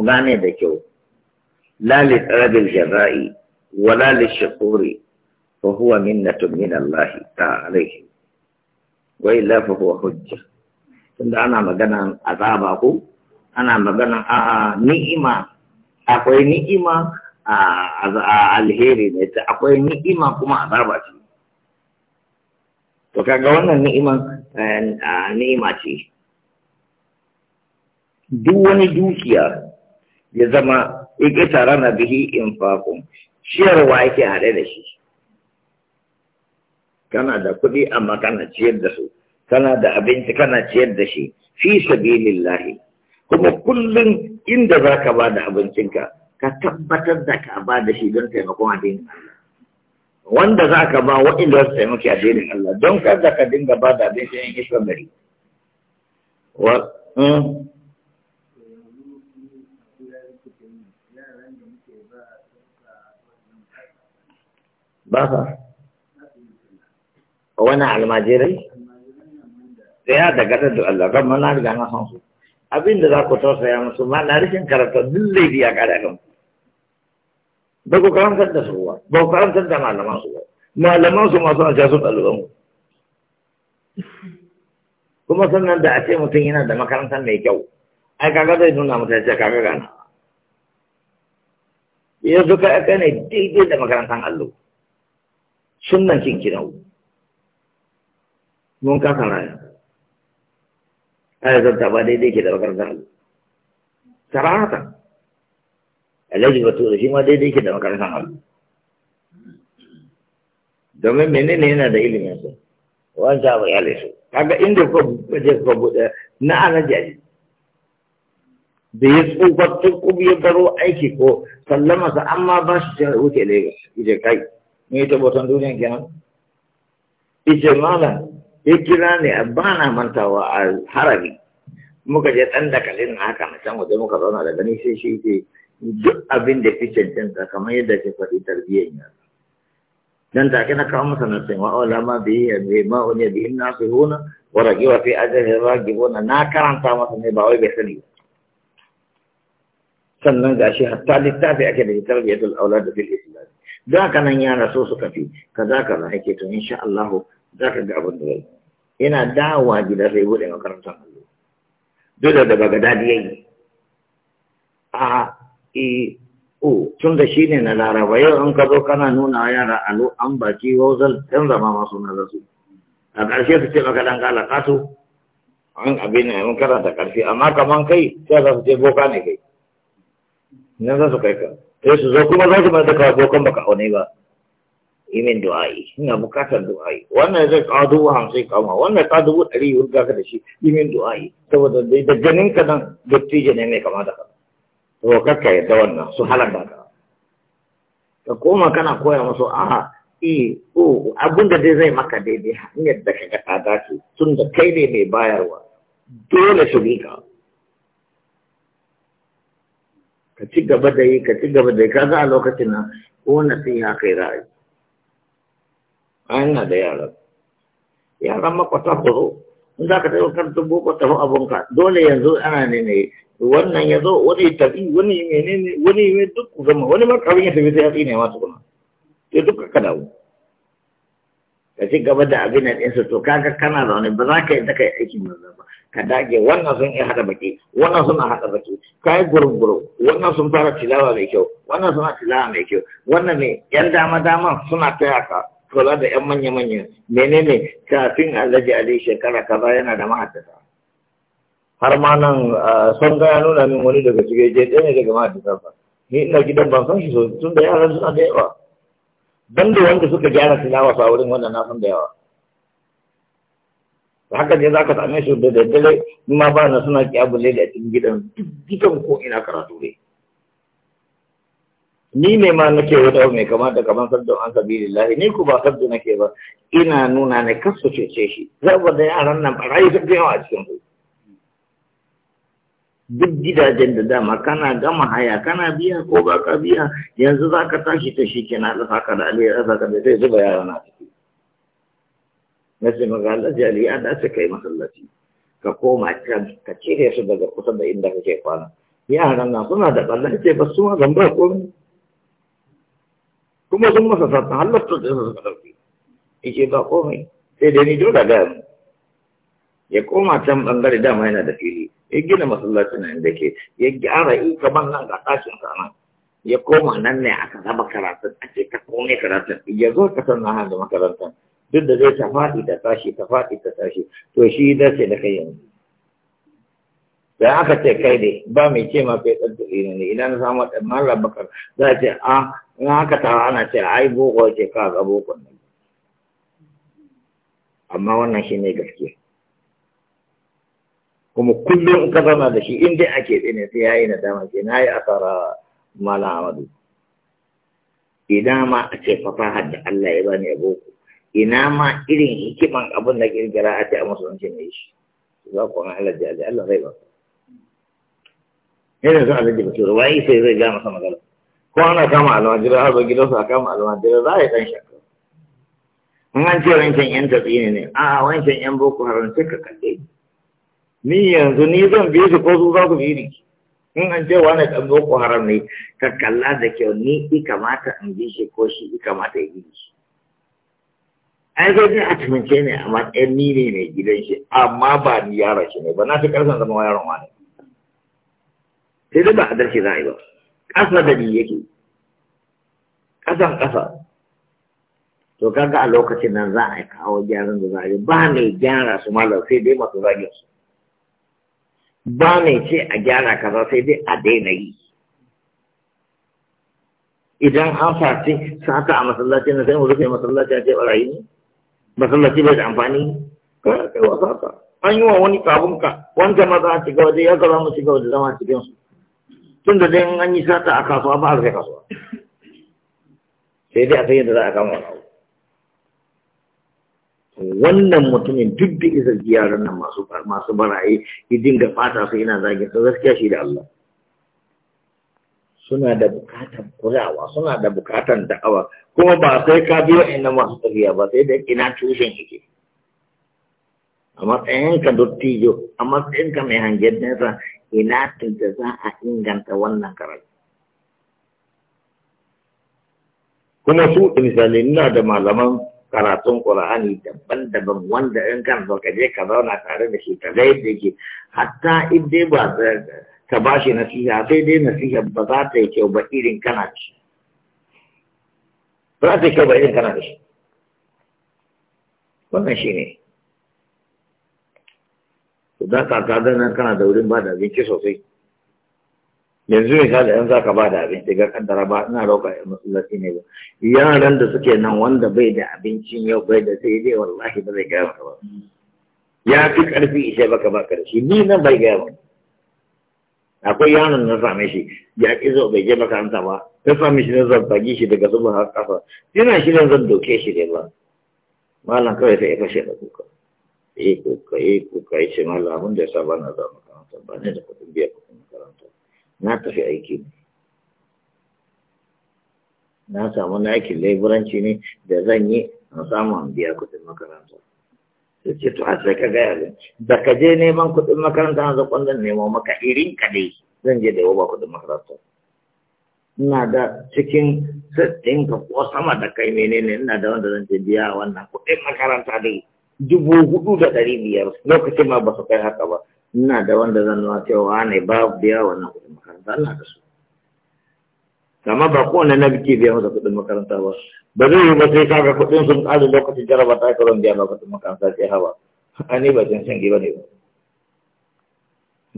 ku gane da kyau lali li Jarra'i wa lali shakuri fa huwa minnatun min Allah alaihi wa illa fa huwa hujja tunda ana magana azaba ko ana magana a ni'ima akwai ni'ima a alheri ne ta akwai ni'ima kuma azaba ce to kaga wannan ni'iman eh, ni'ima ce duk wani dukiya ya zama ikitara na bihi infaqun ciyarwa yake haɗe da shi kana da kuɗi amma kana ciyar da su kana da abinci kana ciyar da shi fi sabilillahi kuma kullum inda za ka ba da abincinka ka tabbatar da ka ba da shi don taimakon addinin Allah wanda za ka ba waɗanda za su taimaki addinin Allah don kada ka dinga ba da abincin yan gari. Hmm? ba sa wani almajirai tsaya ya daga da Allah kan mana riga na san su abin da za ku tausaya musu ma na rikin karatu duk laifi biya kare kan ba ku karantar da su ba ba ku karantar da malaman su ba malaman su masu na jasun ɗaliban mu kuma sannan da a ce mutum yana da makaranta mai kyau ai kaga zai nuna ya ce kaga gana yanzu ka aka ne daidai da makarantar allo sunnan kinkinau mun kasa raya ayar zanta ba daidai ke da makarantar allo sarahata alhaji batu da shi ma daidai ke da makarantar allo domin menene yana da ilimin su wancan abu ya lesu kaga inda ko je ko bude na alaji aji da ya tsufa tukub ya baro aiki ko sallama sa amma ba shi wuce Lagos ije kai me ta botan duniya kenan ijmalan ya kira ne bana na mantawa a harabi muka je ɗan dakalin na haka na can waje muka zauna da gani sai shi ce duk abin da fi cancanta kamar yadda ke faɗi tarbiyyar yara dan take na kawo masa nasin wa oh, aula ma bi bi ma unya bi inna huna? wa rajiwa fi ajri ragibuna na karanta masa ne ba wai bai sani sannan gashi hatta littafi ake da tarbiyatul aulad fil islam da ka nan yara so suka fi ka zai ke to insha Allah za ka ga abin da yi. yana dawa gida zai bude makarantar allo. dole da baga dadi yi a e o tun da ne na laraba yau in ka zo kana nuna yara alo an baki wazal Yan zama masu na zasu a ƙarshe su ce maka dan galakatu an abin ne mun karanta ƙarfi. amma kamar kai sai za su ce boka ne kai nan za su kai ka sai eh, su zo kuma za su mai da kawai bokan baka aune ba yi min du'a'i ina bukatar du'a'i wannan zai kawo dubu hamsin kama wannan ka dubu ɗari wurga ka da shi yi min du'a'i saboda dai da ganin ka nan dattijo ne mai kama da ka to kakka yadda wannan su da ka ka koma kana koya musu a'a i o abun da dai zai maka daidai hanyar da ka ga ta dace tun da kai ne mai bayarwa dole su bi ka ka ci gaba da yi ka ci gaba da yi kaga a lokacin nan ko na sun ya kai ra'ayi an na da yara yaran makwata kuro in za ka taɓa karta boko tafi abunka dole yanzu ana ne ne wannan ya zo wani tafi wani menene wani duk gama wani ma kawai ya tafi sai ya tsine ma tukuna sai duka ka dawo ka ci gaba da abin nan ɗinsa to kaga kana zaune ba za ka yi kai aikin manzo ba ka dage wannan sun iya haɗa baki wannan suna haɗa baki ka yi gurguru wannan sun fara tilawa mai kyau wannan suna tilawa mai kyau wannan ne yan dama dama suna taya ka kula da yan manya manya menene kafin alhaji ali shekara kaza yana da mahaddasa har ma nan sun ga nuna min wani daga cikin je ɗaya ne daga mahaddasa ba ni ina gidan ban san shi sosai tun da yaran suna da yawa banda wanda suka gyara tilawa a wurin wannan na san da yawa haka ne za ka same su da daddare in ma ba na suna kyabule da cikin gidan duk gidan ko ina karatu ne ni ne ma nake wata mai kama da kaman sabbin an sabilillahi ni ku ba sabbi nake ba ina nuna ne kasu cece shi zaba da yaran nan barayi sun da yawa a cikin su duk gidajen da dama kana gama haya kana biya ko ba ka biya yanzu za ka tashi ta shi kenan na rasa ka da aliyu rasa ka da zai zuba yara na ciki na ce maka Allah ji aliyu an kai masallaci ka koma can ka cire su daga kusa da inda kake kwana yaran na suna da ɓallan ce ba su ma zan ba komai kuma sun masa sata halatta da su suka ɗauki ike ba komai sai dai ni dole da ya koma can ɓangare dama yana da fili ya gina masallacin nan da ke ya gyara yi kaman nan ga ɗakin sana ya koma nan ne aka zama karatun a ce ta kone karatun ya zo ka san na da makarantar duk da zai ta faɗi ta tashi ta faɗi ta tashi to shi da ce da kai yanzu da aka ce kai ne ba mai ce ma kai ɗan tuɗi ne idan na samu ɗan mara bakar za a ce a in haka tawa ana ce ai boko ce ka ga boko ne amma wannan shi ne gaskiya kuma kullum in ka zama da shi in dai ake tsine sai ya yi dama ke na yi asara mala amadu ina ma a ce fasahar da Allah ya bani abu ina ma irin hikiman abin da kirkira a ce a musulunci ne shi za ku wani halar alaji Allah zai ba yana zan alaji ba tura wai sai zai gama sama gala ko ana kama almajira har ba gidansu a kama almajira za a yi ɗan shakka in an ce wancan yan tafi ne a wancan yan boko haram sai ka kalle ni yanzu ni zan bi su ko su za ku bi ni in an ce wani ɗan boko haram ne ka kalla da kyau ni i kamata in bi shi ko shi i kamata ya bi shi ai zai a tumance ne amma matsayin ni ne mai gidan shi amma ba ni yaron shi ne ba na fi ƙarfin zama yaron wani sai dai ba a darshe za a yi ba ƙasa da ni yake ƙasan ƙasa to kaga a lokacin nan za a kawo gyaran da za a yi ba mai gyara su malam sai dai masu zagin su ba mai ce a gyara kaza sai dai a daina yi idan an sace sata a masallaci na sai mu rufe masallaci a ce barayi ne masallaci bai da amfani kai kai wa sata an yi wa wani kafin ka wanda ma za a shiga waje ya gaba mu shiga waje zama cikin su tun da dai an yi sata a kasuwa ba a rufe kasuwa sai dai a san da za a kama wani abu wannan mutumin duk da isa yaran nan masu masu baraye idin ga fata su ina zagin ta gaskiya shi da Allah suna da bukatan kulawa suna da bukatan da'awa kuma ba sai ka bi ina masu tafiya ba sai da ina tushen yake a matsayinka dottijo a matsayinka mai hangen nesa ina tunta za a inganta wannan karatu kuma su misali ina da malaman karatun Qur'ani daban-daban wanda in kan zo ka je ka zauna tare da shi ka zai da yake hatta in dai ba ka ba shi nasiha sai dai nasiha ba za ta yi kyau ba irin kana da shi ba za ta yi kyau ba irin kana da shi wannan shi ne idan ka ka nan kana da wurin ba da abinci sosai yanzu misali in za ka ba da abinci ga kaddara ba ina roƙa ya masallaci ne ba yaran da suke nan wanda bai da abincin yau bai da sai dai wallahi ba zai gaya maka ba ya fi karfi ishe baka ba karshe ni nan bai gaya maka akwai yaron na same shi ya ki zo bai je makaranta ba ta same shi na zabbagi shi daga zuba har kafa yana shi nan zan doke shi ne ba malam kawai sai ya fashe da kuka eh kuka eh kuka ya ce malam abin da ya sa ba na zama makaranta ba ne da kuɗin biya kuɗin makaranta na tafi aiki na samu na aikin laiburanci ne da zan yi na samu an biya kudin makaranta sai ce to a sai ka gaya ne. da ka je neman kudin makaranta na zaɓon zan nemo maka irin ka dai zan je da yawa kudin makaranta ina da cikin sittin ka ko sama da kai menene ina da wanda zan je biya wannan kudin makaranta dai dubu hudu da ɗari biyar lokacin ma ba su kai haka ba ina da wanda zan nuna cewa ne babu biya wannan kuɗin makaranta Allah da su kama ba kowane na biki biya masa kuɗin makaranta ba ba zai yi ba sai kaga kuɗin sun ƙara lokacin jaraba ta karon biya ba kuɗin makaranta sai hawa ani ba san san ba ne ba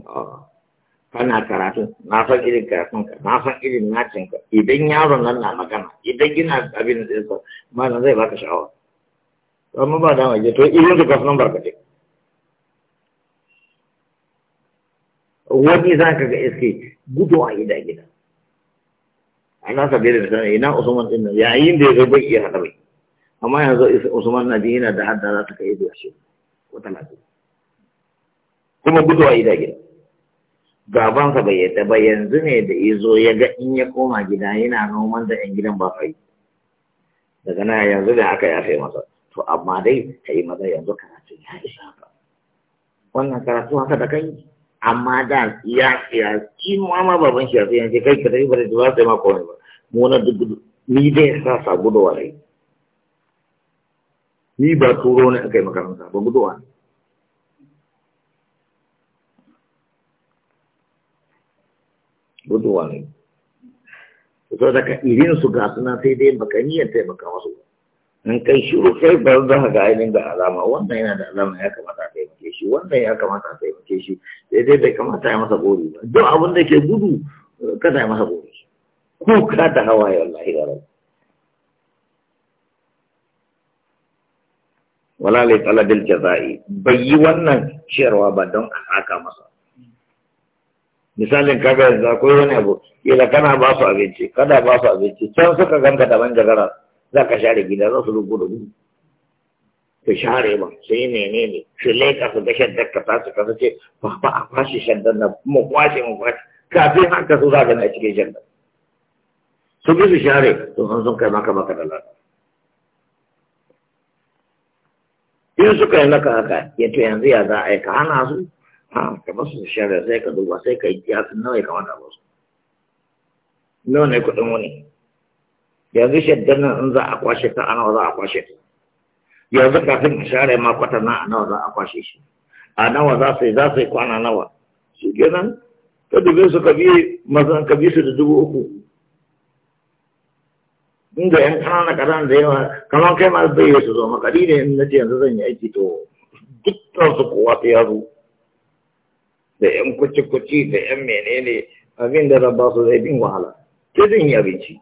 ah, kana karatu na san irin karatunka na san irin nacinka idan yaron nan na magana idan gina abin da zai so malam zai baka sha'awa amma ba da mai to irin su kasu nan barkatai wani za ka ga iske gudu a gida gida ana sabi da sanar ina usman din nan yayin da ya zo bai iya hada bai amma yanzu usman na yana da hadda za ta kai zuwa shi ko talatin kuma gudu a gida gida gabansa bai yadda ba yanzu ne da ya zo ya ga in ya koma gida yana noman da 'yan gidan ba fai daga nan yanzu da aka fai masa to amma dai ka yi maza yanzu karatu ya isa ka wannan karatu haka da kai amma da ya ya kinuwa ma baban shi ya sai yanzu kai ka tafi bare da za su yi ma komai ba mu na duk ni dai sa sa gudowa ne ni ba turo ne aka yi makaranta ba gudowa ne gudowa ne so daga irin su ga suna sai dai baka niyyar taimaka wasu in kai shiru kai ba za ka ga ainihin da alama wannan yana da alama ya kamata ka shi wannan ya kamata a taimake shi daidai bai kamata ya masa gori ba duk abin da ke gudu kada ya masa gori ko ka hawa hawaye wallahi da rai wala li talabil jazai bai yi wannan ciyarwa ba don a haka masa misalin kaga yanzu akwai wani abu kila kana ba su abinci kada ba su abinci can suka ganka daban jagara za ka share gida za su rubu da gudu su share ba su yi menene su leƙa su ga da ka ta su kasa ce ba ba a kwashe shaddar na mu kwashe mu kwashe kafin haka su zaga na cikin shaddar su bi su share to sun sun kai maka maka da lada in suka yi maka haka ya to yanzu ya za a yi ka hana su ha ka ba su share sai ka duba sai ka yi kiyasin nawa ya kamata ba su nawa ne kuɗin wani yanzu shaddar nan in za a kwashe ta ana za a kwashe ta yanzu kafin a share ma kwatan a nawa za a kwashe shi a nawa za su yi za su yi kwana nawa shi kenan ka dube su ka bi mazan ka bi su da dubu uku inda yan kanana karan da yawa kamar kai ma zai yi su zo makari ne na ce yanzu zan yi aiki to dukkan su kowa sai ya zo da yan kuci-kuci da yan menene abin da rabba su zai bin wahala ke zan yi abinci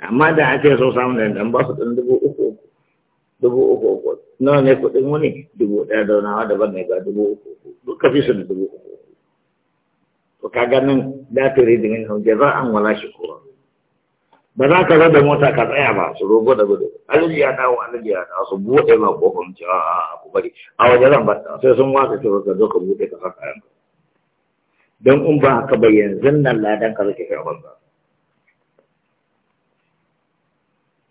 amma da ake so samun da dan ba su ɗan dubu dubu uku uku nawa ne kuɗin wani dubu ɗaya da nawa daban ne ga dubu uku uku duka fi su da dubu uku uku to ka ganin da ta ridin yin hau jaza an wala shi kowa ba za ka da mota ka tsaya ba su rogo da gudu alaji ya dawo alaji ya dawo su buɗe ma kofar ce a ku bari a waje zan bata sai sun wasa ce ka zo ka buɗe ka saka yanka don in ba haka ba yanzu nan ladan ka zake kai banza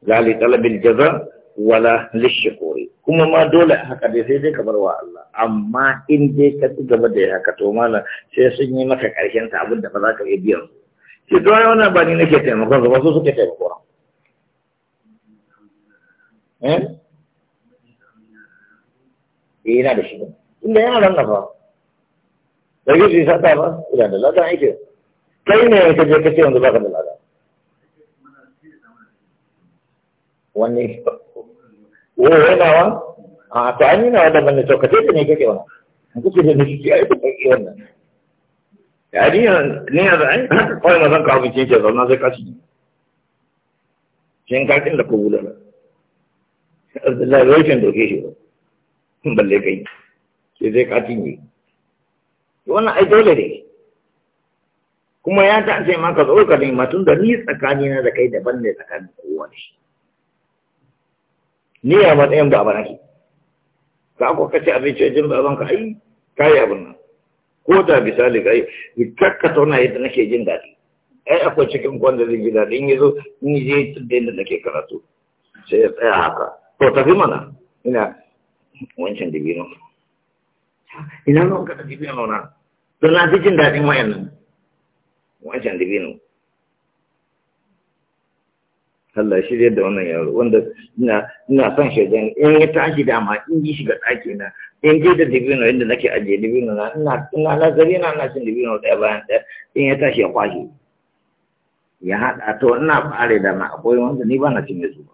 zali talabin jaza wala lishikori kuma ma dole haka dai sai dai ka bar wa Allah amma in dai ka ci gaba da haka to mala sai sun yi maka karshen ta abin da ba za ka yi biyan su ki to ai wannan ba ni nake taimakon ba su suke taimako eh? eh ina da shi inda yana nan na fa da gishi sa ta ba ina da ladan aiki kai ne ka je ka ce ba ka da ladan wani ko oh, yana wa a ah? ah, to an yi nawa da to kace ne kake wa kuke da ni ki ai kake wannan ya ni ne ya da ai kawai ma zan kawo cin ce zauna sai kashi cin kakin da ko bulala Abdullahi rashin doke shi ba balle kai sai zai katin yi wannan ai dole ne kuma ya ta ce maka zo ka nema tun da ni tsakanina da kai daban ne tsakanin kowa da shi ni a ba baba nake ka ko kace abinci jin baban ka ai kai abin nan ko da misali kai kakka tauna yadda nake jin daɗi ai akwai cikin kwanda zai ji daɗi in zo in yi je da yadda nake karatu sai ya tsaya haka to tafi mana ina wancan dibino ina nan ka dibino na don na fi jin daɗin wayannan wancan dibino Allah shi da wannan yaro wanda ina ina son shaidan in ya tashi dama in ji shiga ɗaki na in je da dibino inda nake ajiye dibino na ina ina nazari na ina cin dibino ɗaya bayan ɗaya in ya tashi ya kwashe ya haɗa to ina fare da ma akwai wanda ni ba na cin su ba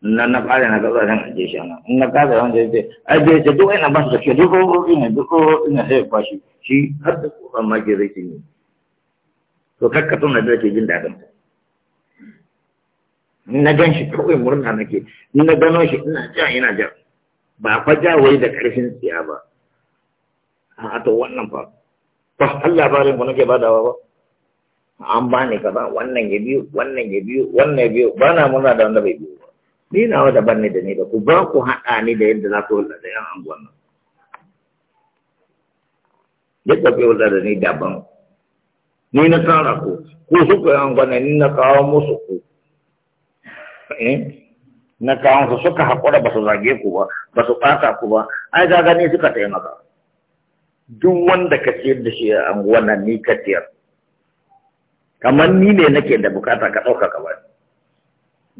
na na fare na gaza zan ajiye shi ana ina na kaza wanda yake ajiye shi duk ina ba su da ke duk ina duk ina sai ya kwashe shi har da ƙoƙon ma ke zai cinye to kakka na da ke jin daɗin ta na gan shi kawai murna nake na gano shi ina ja ina ja ba fa ja wai da ƙarfin tsiya ba a to wannan fa ba Allah barin ku nake badawa ba an ba ka kaza wannan ya biyu wannan ya biyu wannan ya biyu ba na murna da wanda bai biyu ba ni na nawa daban ne da ni ba ku ba ku haɗa ni da yadda za ku hulɗa da yan anguwan nan yadda ku hulɗa da ni daban ni na tsara ku ku suka yan anguwan ni na kawo musu ku Eh? na kawansu suka haƙura ba su zage ku ba ba su ɓata ku ba ai ga gani suka taimaka duk wanda ka ciyar da shi a wannan nan ni ka ciyar kamar ni ne nake da bukata ka ɗauka ka ba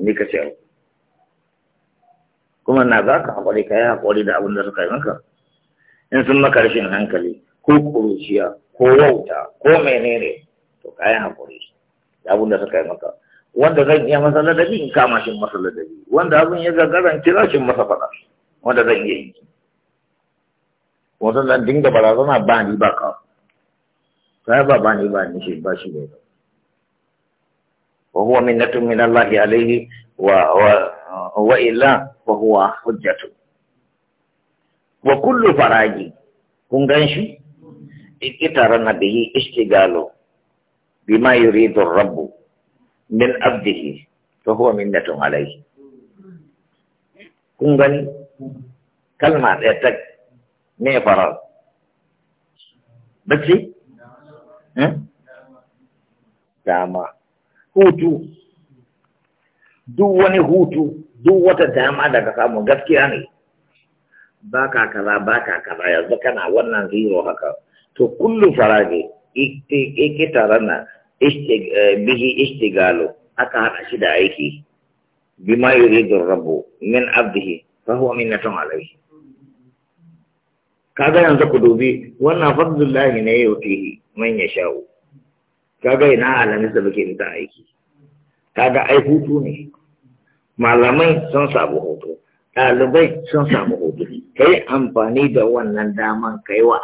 ni ka ciyar kuma na za ka haƙuri ka yi haƙuri da abin da suka yi maka in sun maka rashin hankali ko ƙuruciya ko wauta ko menene to ka yi haƙuri da abin da suka yi maka wanda zan iya masa ladabi in kama shi masa ladabi wanda abin ya gagaran kira shi masa faɗa wanda zan iya yi wanda zan dinga barazana ba ni ba ka sai ba ba ni ba ni shi ba shi ne wa huwa minnatun min Allah alaihi wa wa wa illa fa huwa hujjatu wa kullu faraji kun gan shi ikitaran nabihi istigalu bima yuridu rabbu min abdihi fa huwa minnatun alayhi kun gani kalma ɗaya ta ne farar bacci hmm? dama hutu duk wani hutu duk wata dama daga samu gaskiya ne ba ka kaza ba ka kaza yanzu kana wannan zero haka to kullu farage ikitaran nan Eh, bihi istigalu aka haɗa shi da aiki bima yuridun rabu min abdihi fahuwa minnatun alaihi kaga yanzu ku dubi wannan fadlullahi ne ya tihi man ya sha'u kaga ina alami da muke ta aiki kaga ai hutu ne malamai sun samu hutu ɗalibai sun samu hutu kai amfani da wannan daman kai wa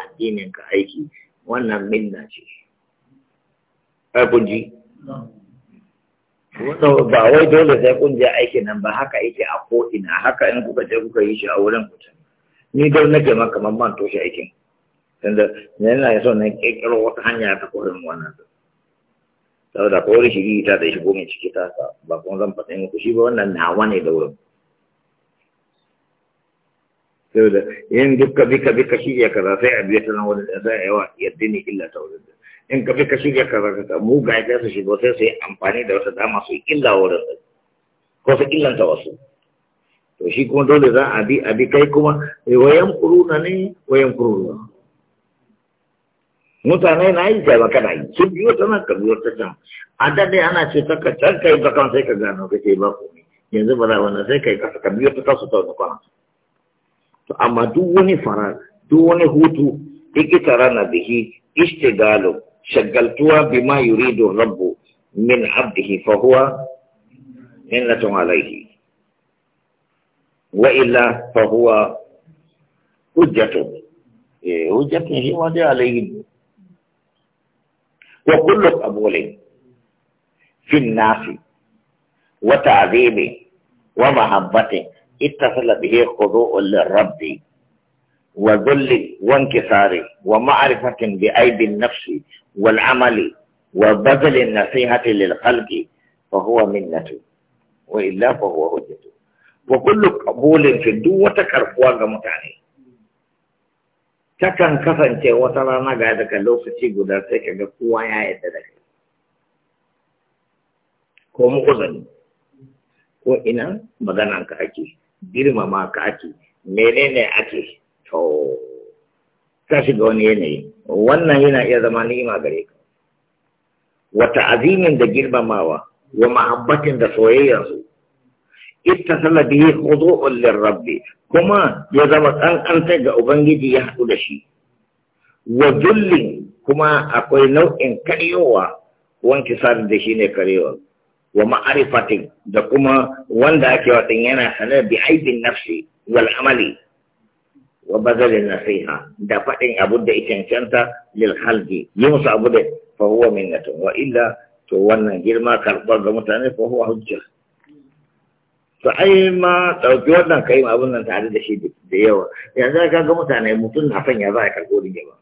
ka aiki wannan minna ce ai kun ji ba wai dole sai kun je aikin nan ba haka yake a ko ina haka in kuka je kuka yi shi a wurin ku ni dole nake ma kamar man toshe aikin tunda yana so na kirkiro wata hanya ta koyon wannan saboda ko wani shiri ta da shigo mai ciki ta sa, ba kuma zan faɗa muku shi ba wannan nawa ne da wurin saboda yin duk ka bi ka bi ka kaza sai a biya ta nan wani da a yawa yadda ne illa ta wurin da in ka fi ka shirya ka zaka ka mu ga ya su shigo sai sai amfani da wata dama su illa wurin ko su ta wasu to shi kuma dole za a bi a bi kai kuma wayan kuruna ne wayan kuruna mutane na yi kai baka na yi su biyo ta nan ka biyo ta can a daɗe ana ce ta ka can kai baka kan sai ka gano ka ce ba komai yanzu ba za wani sai kai kasa ka biyo ta kasu ta wani kwana to amma duk wani fara duk wani hutu ikita na bihi ishtigalu شغلتها بما يريد الرب من عبده فهو منة عليه وإلا فهو حُجَّةٌ إيه، حجة وضع عليه وكل قبول في الناس وتعذيب ومحبة اتصل به خضوع للرب وذل وانكسار ومعرفة بأيدي النفس والعمل وبذل النصيحة للخلق فهو منة وإلا فهو حجة وكل قبول في الدوة كرفوا متعني takan kasance wata rana ga daga lokaci guda sai ka ga kowa ya yadda da kai ko mu zani, ko ina maganan ka ake girmama ka ake menene ake to ka shiga wani yanayi wannan yana iya zama ni'ima gare ka wata azimin da girmamawa wa mahabbatin da soyayyar su ittasala bihi khudu'un lirabbi kuma ya zama kankanta ga ubangiji ya hadu da shi wa jullin kuma akwai nau'in karyowa wanki sar da shi ne karyowa wa ma'arifatin da kuma wanda ake watan yana sanar bi aibin nafsi wal amali wa bazalin nasiha da faɗin abu da cancanta lil halji yi musu abu da fa huwa minnatun wa illa to wannan girma karɓar ga mutane fa huwa hujja to ai ma ɗauki wannan kai ma abun nan tare da shi da yawa yanzu ka ga mutane mutum na son ya za a karɓo da yawa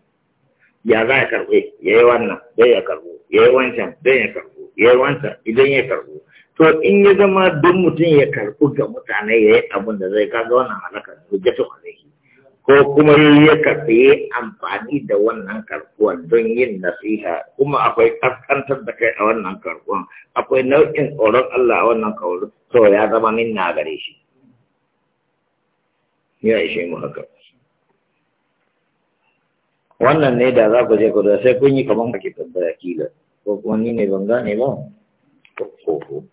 ya za a karɓe ya yi wannan zai ya karɓo ya yi wancan zai ya karɓo ya yi wancan idan ya karɓo to in ya zama duk mutum ya karɓo ga mutane ya yi abin da zai kaga wannan halakar hujjatu alai ko kuma ya kafe amfani da wannan karkuwar don yin nasiha kuma akwai kaskantar da kai a wannan karkuwar. akwai nau'in tsoron Allah a wannan kawar to ya zama min na gare shi ya ishe mu haka wannan ne da za ku je ku da sai kun yi kamar kake tambaya kila ko kuma ni ne ban gane ba ko ko